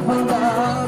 I'm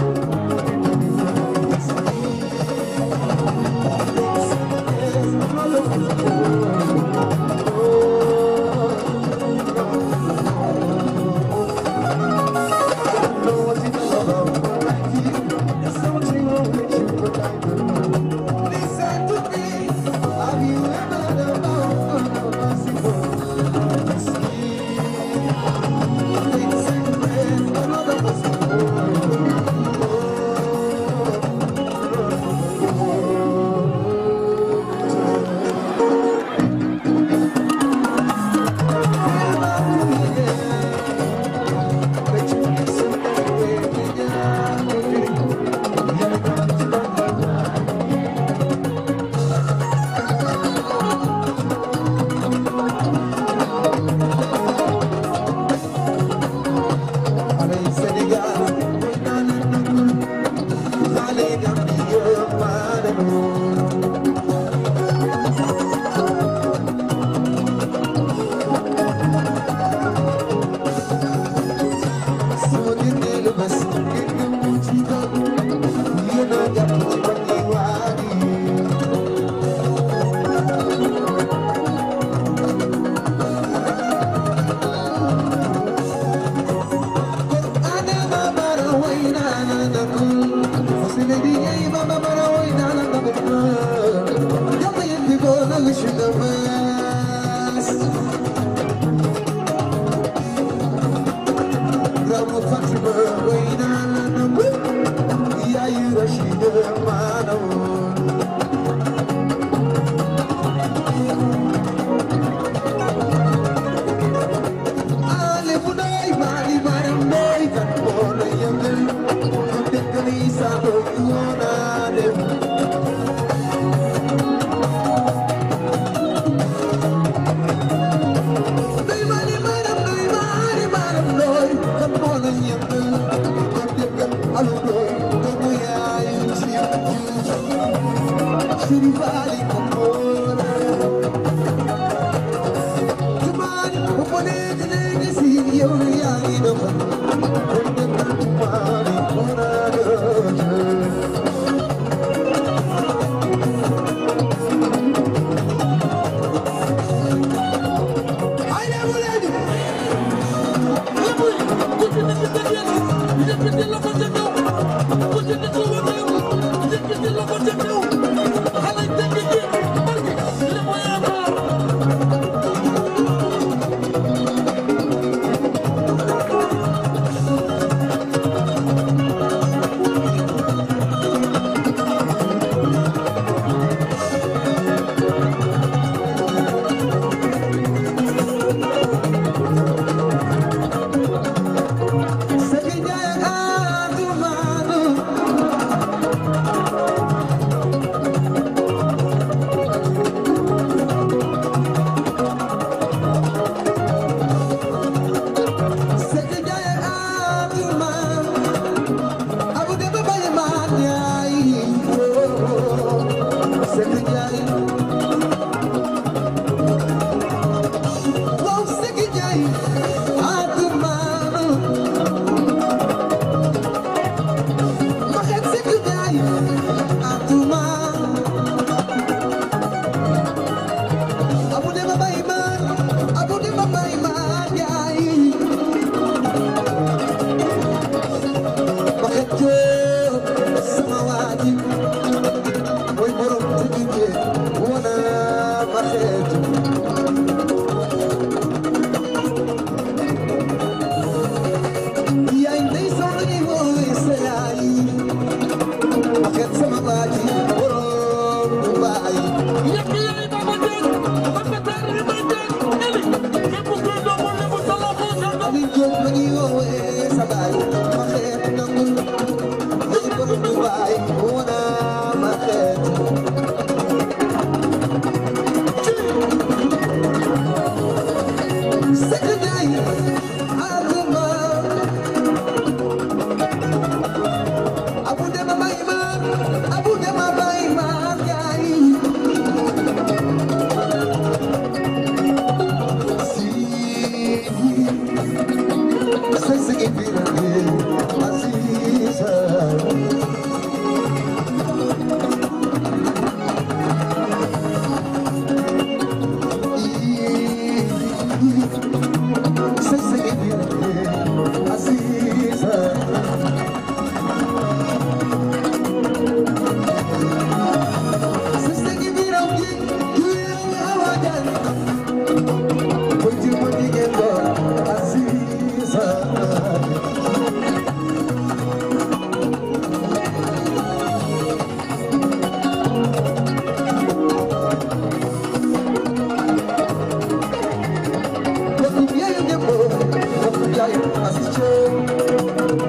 Thank you.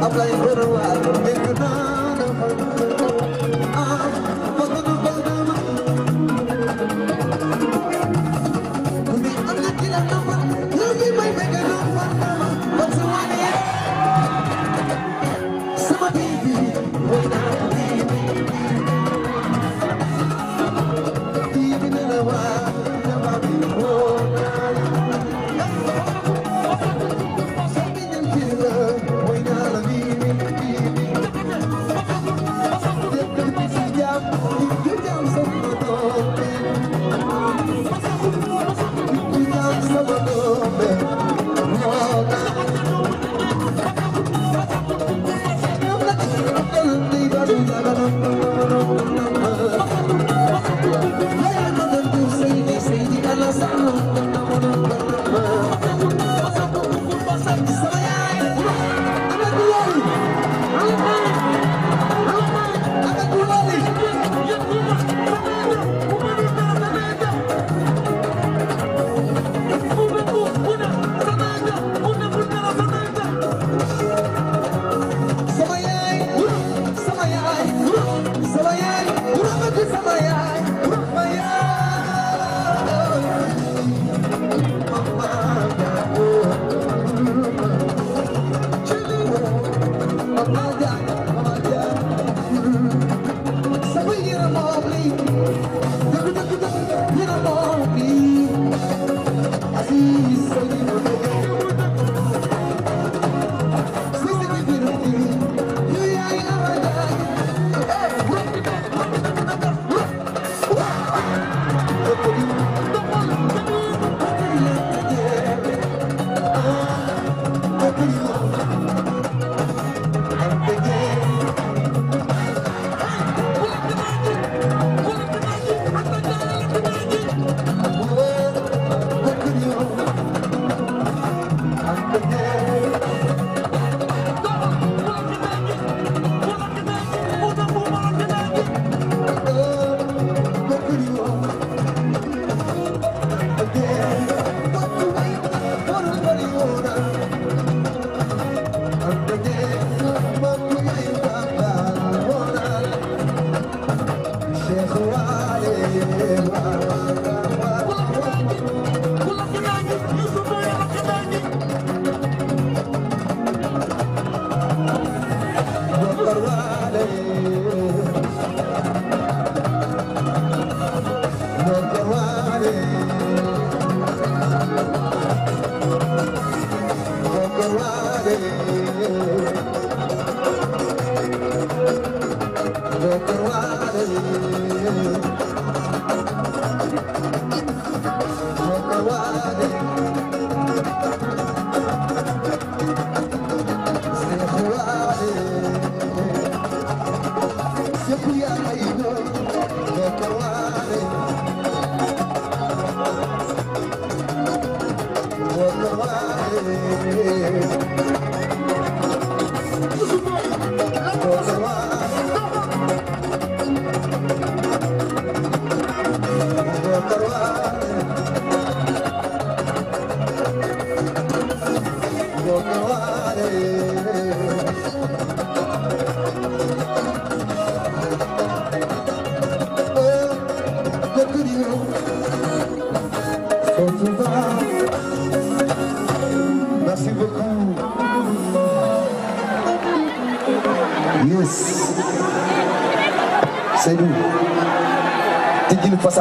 Ablaye Dóor waar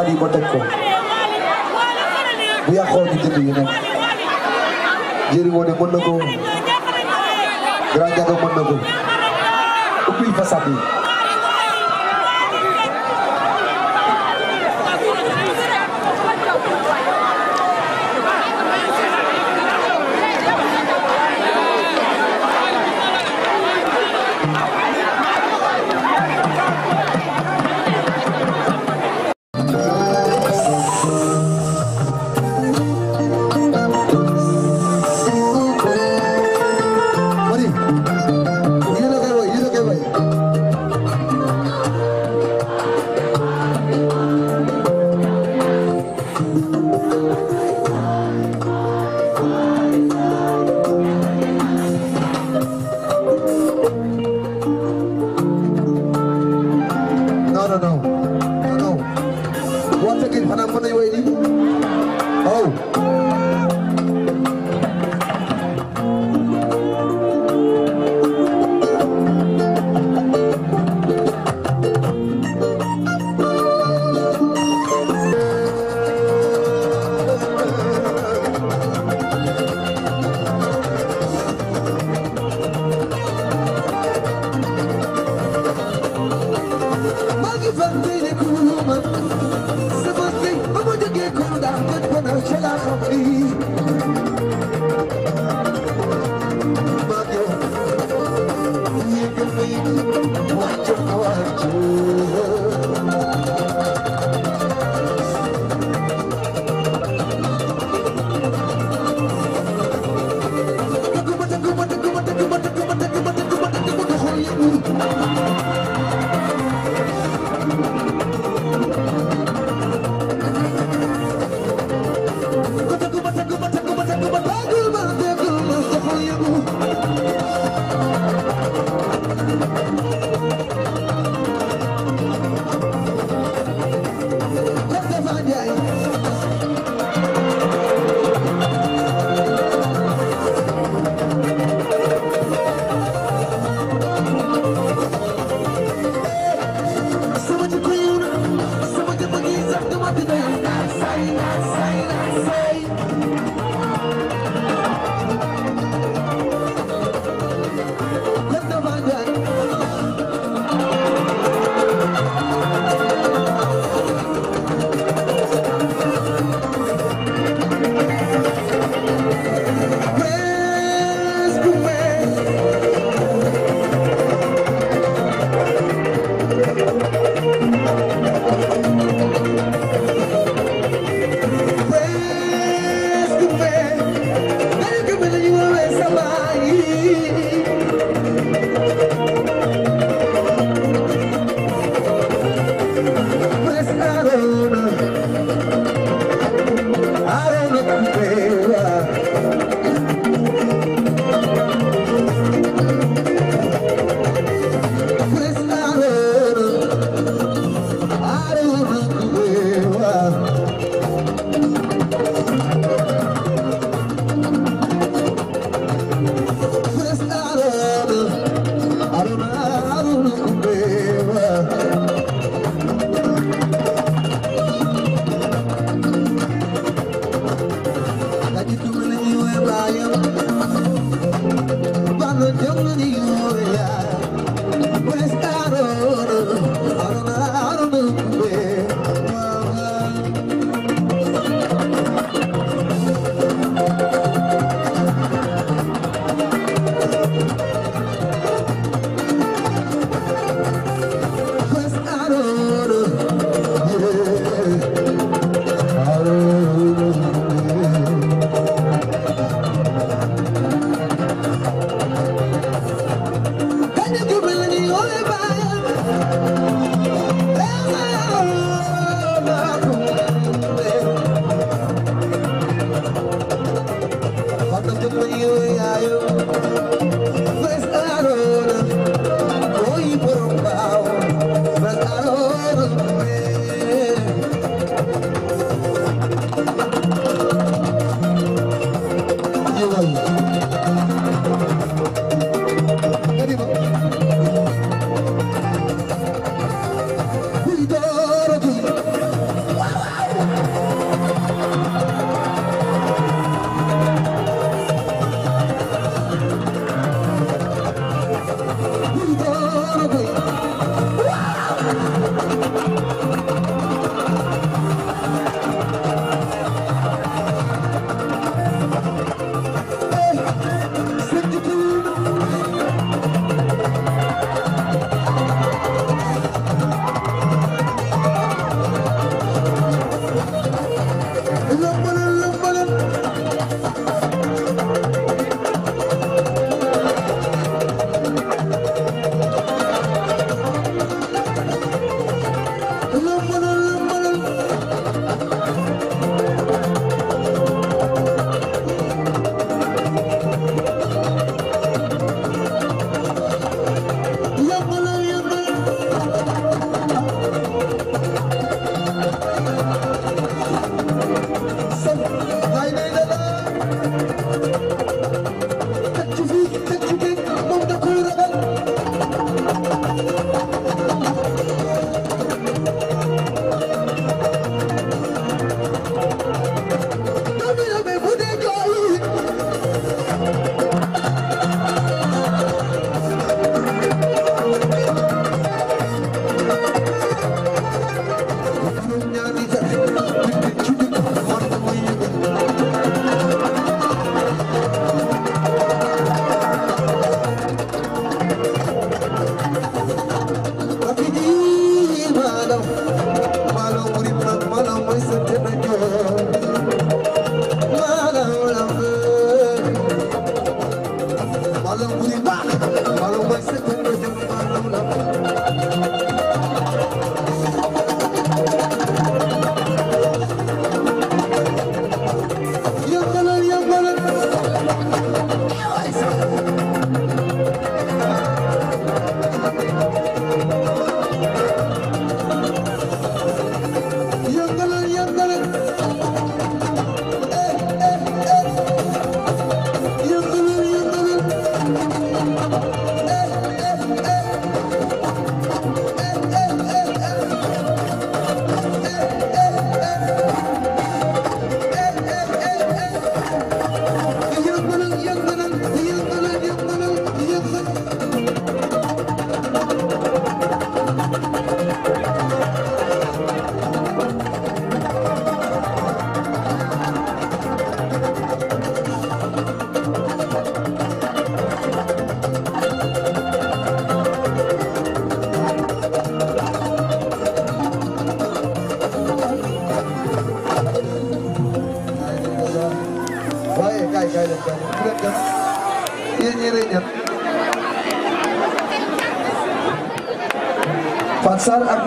sali ko teg ko bu na ko grand jaga mën na ko ubbil façade yi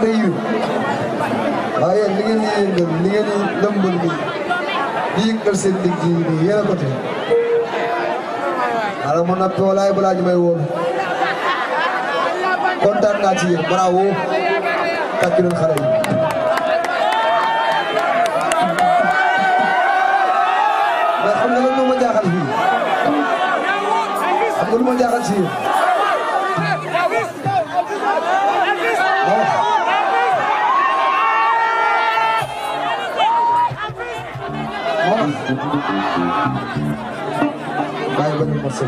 day yiw waaye yéen li ngeen di yëngal li ngeen di lëmbal bi di yëngal seen liggéey bi a ko tey ala ma nappe may woon kontaan naa ci yéen bravo tàggu leen xam nga lan moo ma jaaxal fii xam nga lu ma jaaxal ci yéen bàyyi ba ñu mos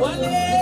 wale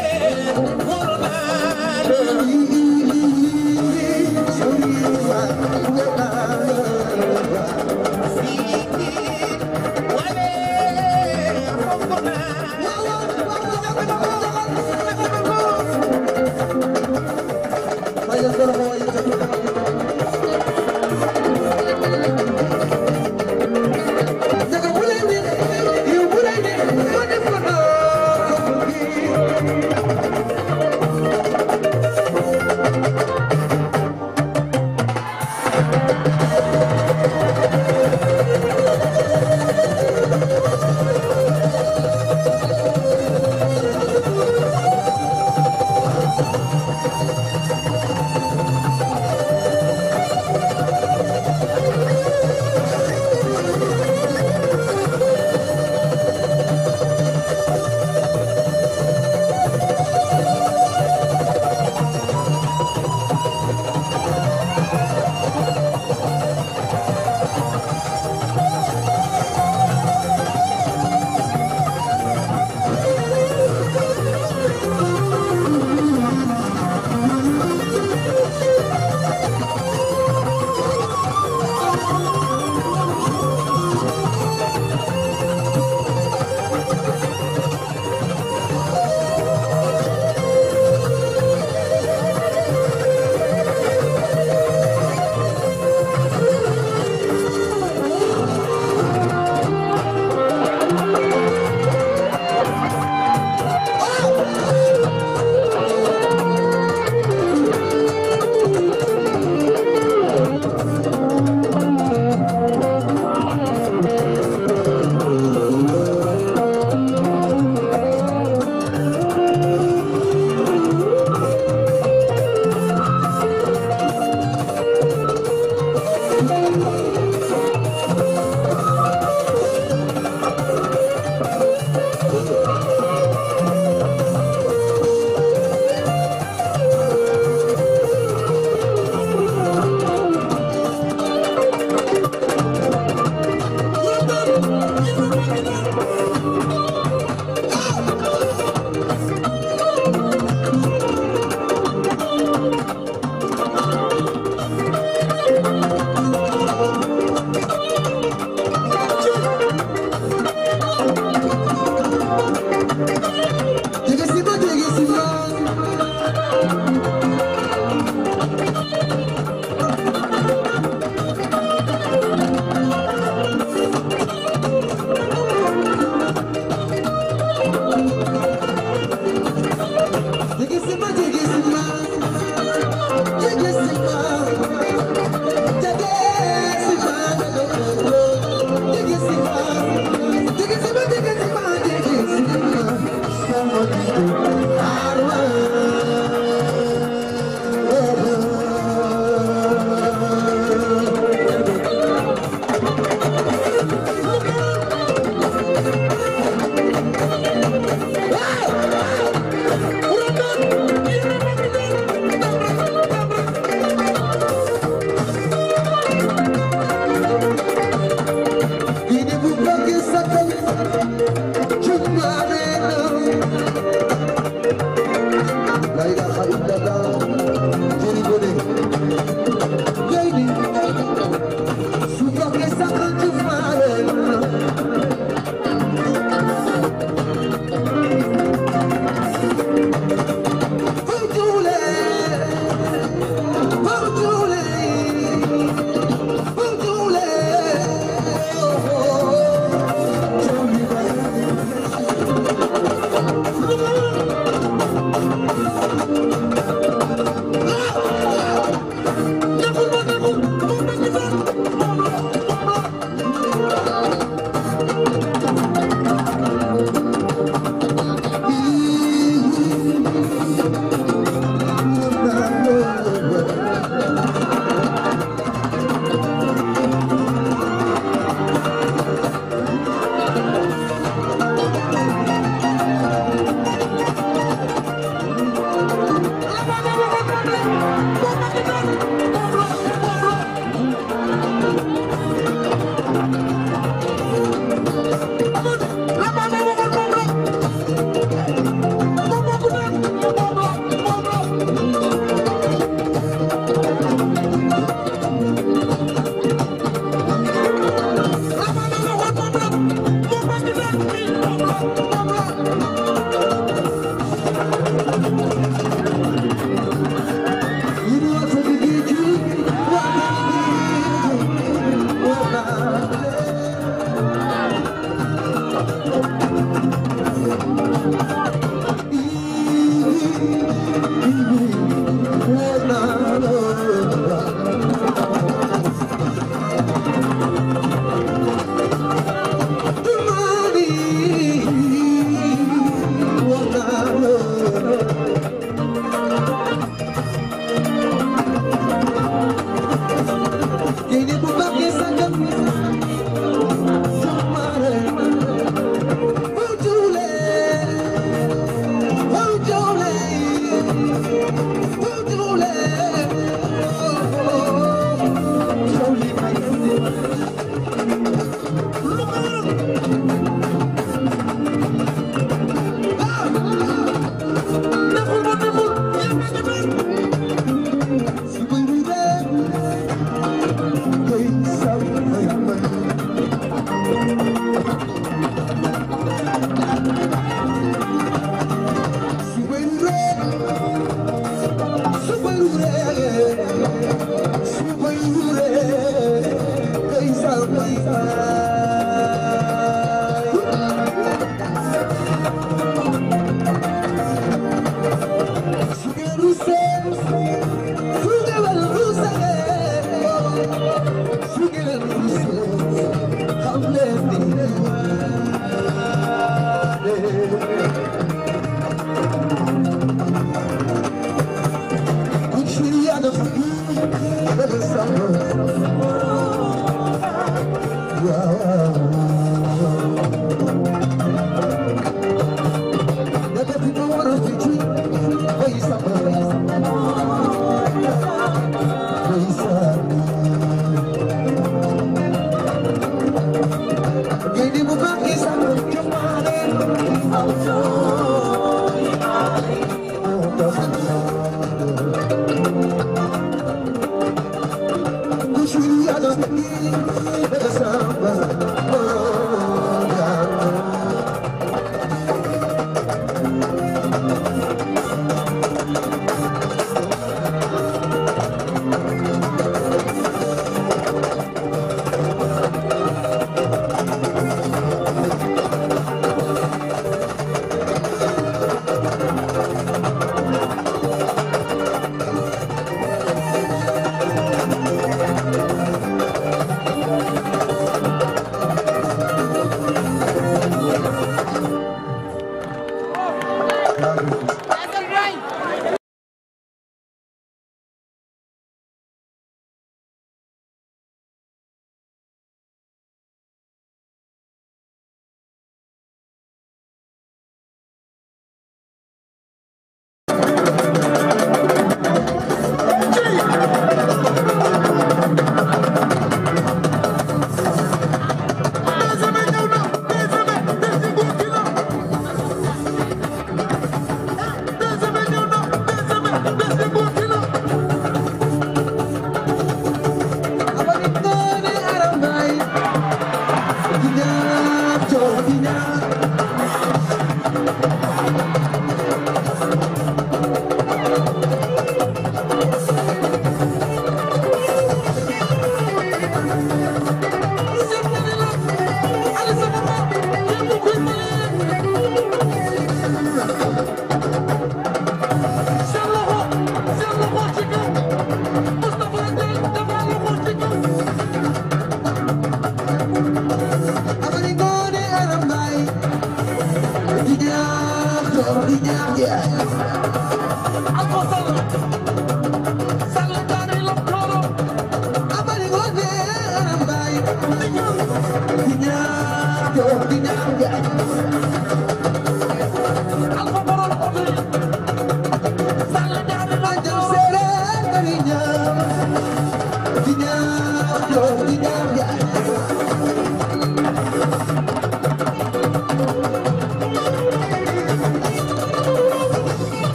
Thank you.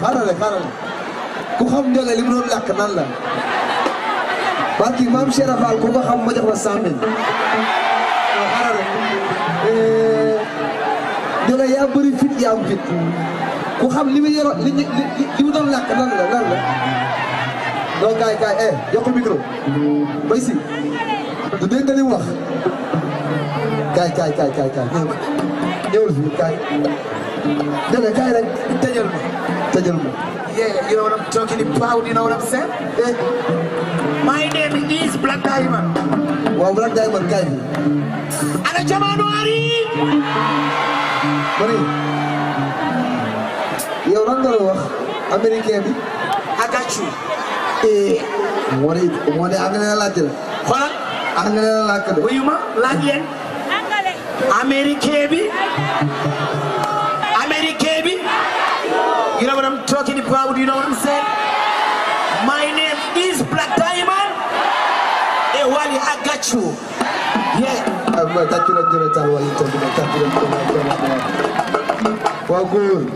xaarale xaarale ku xam Ndiogé li lakk nan la barki maam Cheikh Fall ku xam ma jox la cent mille waaw eh, yaa bëri fit yaa am fit ku xam li mu yoro li li mu doon lakk nan la nan la donc kaay kaay eh yokk micro bay si du dégg nga wax kaay kaay kaay ñëwul fii kaay Ndiogé kaay rek tëjal tëjal ma. yeah you know what I'm talking about you know what I'm saying. my name is Black Diamond. waaw Black Diamond kay. ana jamono ari. bëri. yow lan nga wax américain bi. agacu. eh. moo de moo de anglais la laajte la. xoolal. anglais la laajte la. wuyu ma laaj leen. anglais. américain bi. know what I'm talking about? You know what I'm saying? My name is Black Diamond. Hey, Wally, I got you. Yeah. Well, good.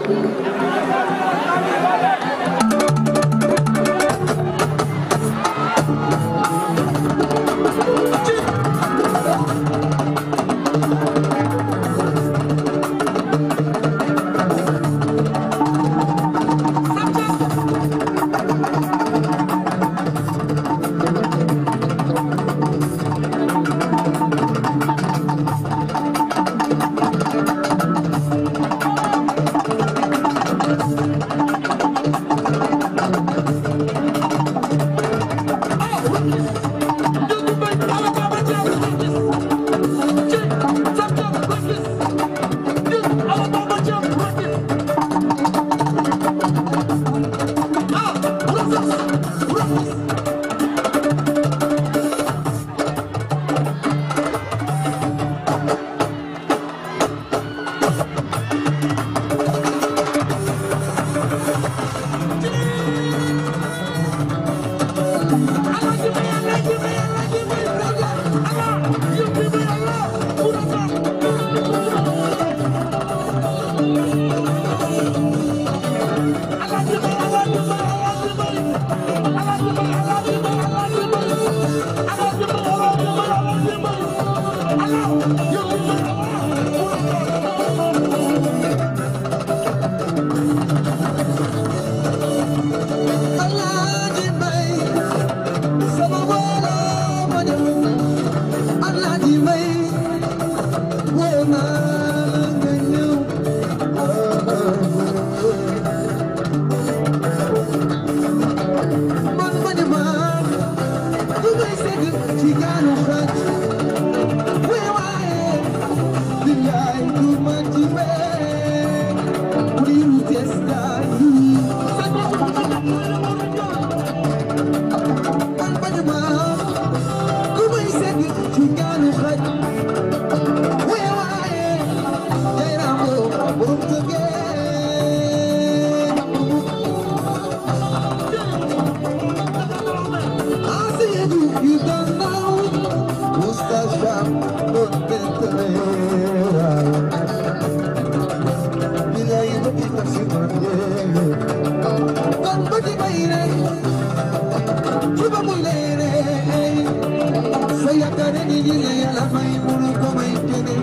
yaakaar ni ñi la fay mënu ko may tene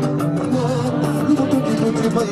moom lu mu tuuti tuuti fay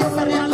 Rosario.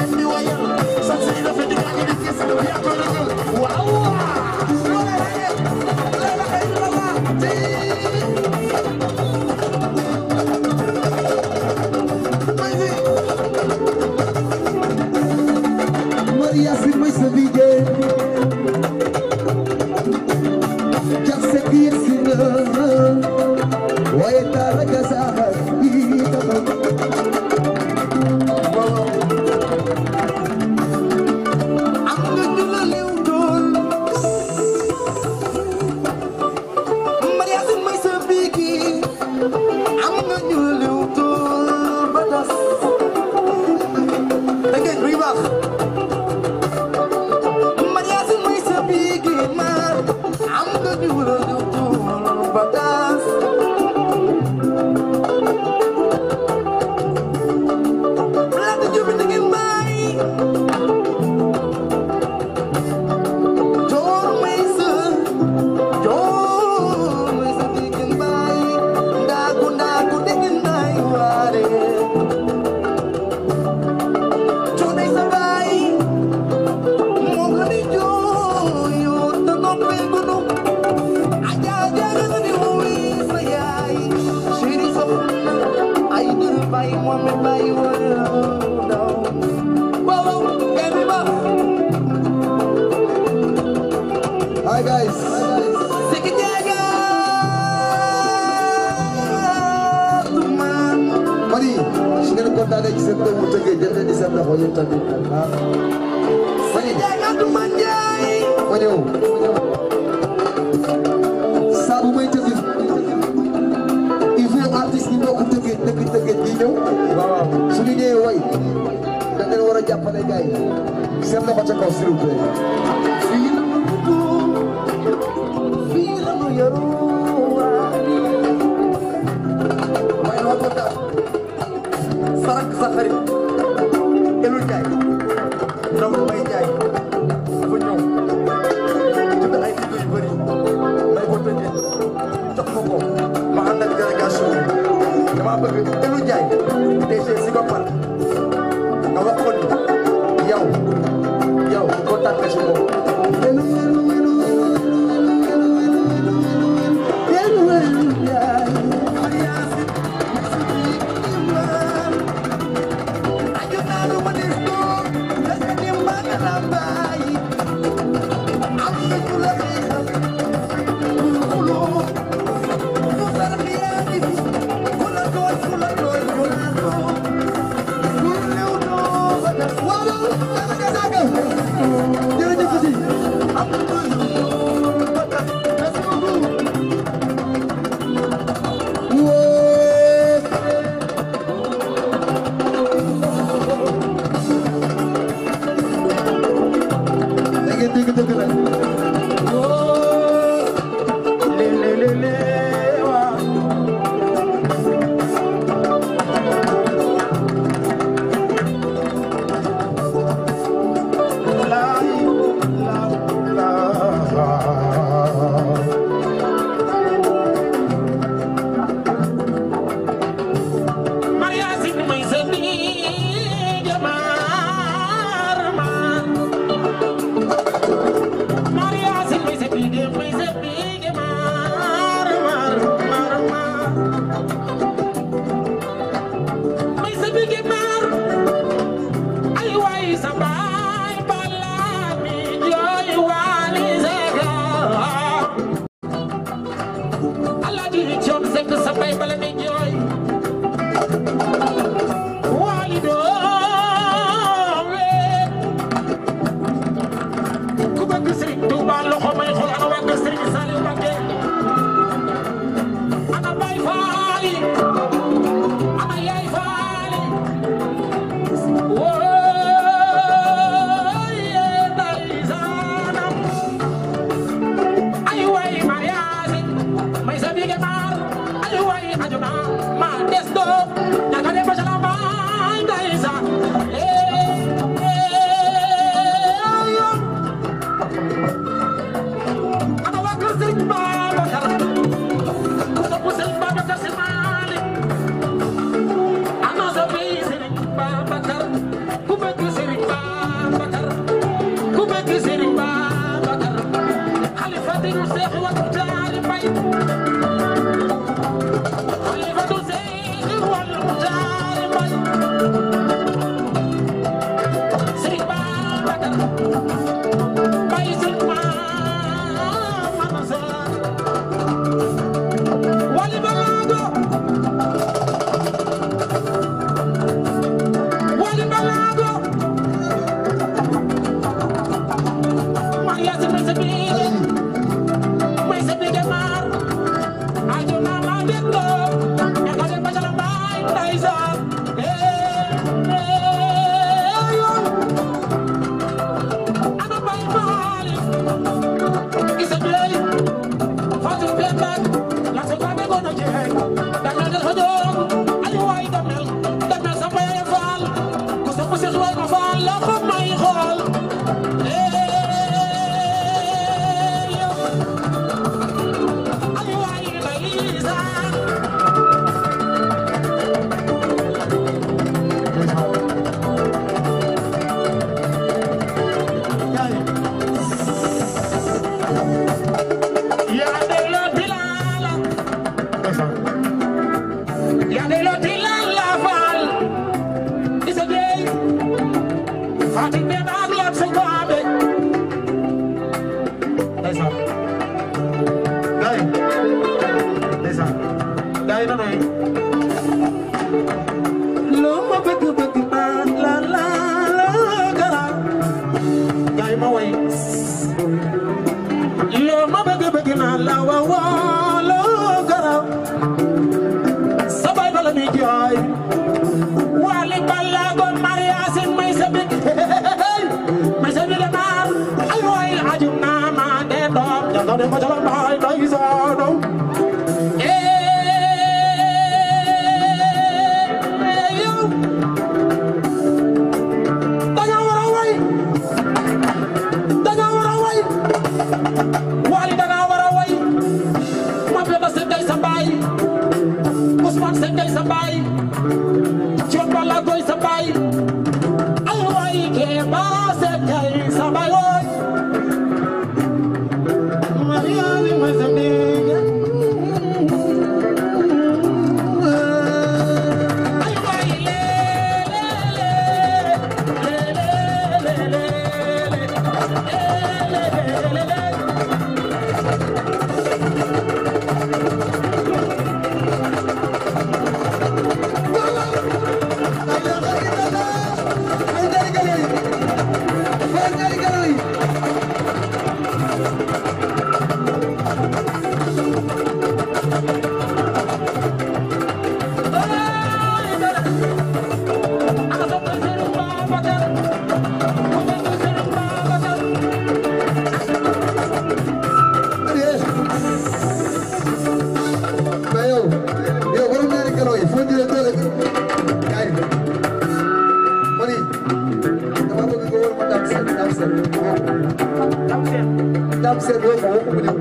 mu dab seen yoofu wokku mu ñëw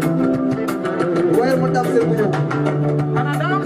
waaye mu dab seen mu ñëw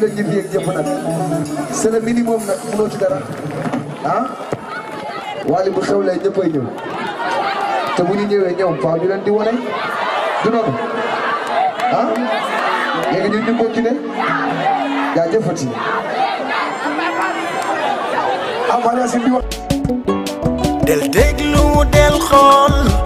fukki la ñun yeeg yëpp nag c'est le nag mënoo ci dara ah waali bu xewlee ñëppay ñëw te bu ñu ñëwee ñoom faaw ñu leen di wane du noonu ah léegi ñun ñu continuer yaa jëfati ah maanaam si biir. del déglu del xool.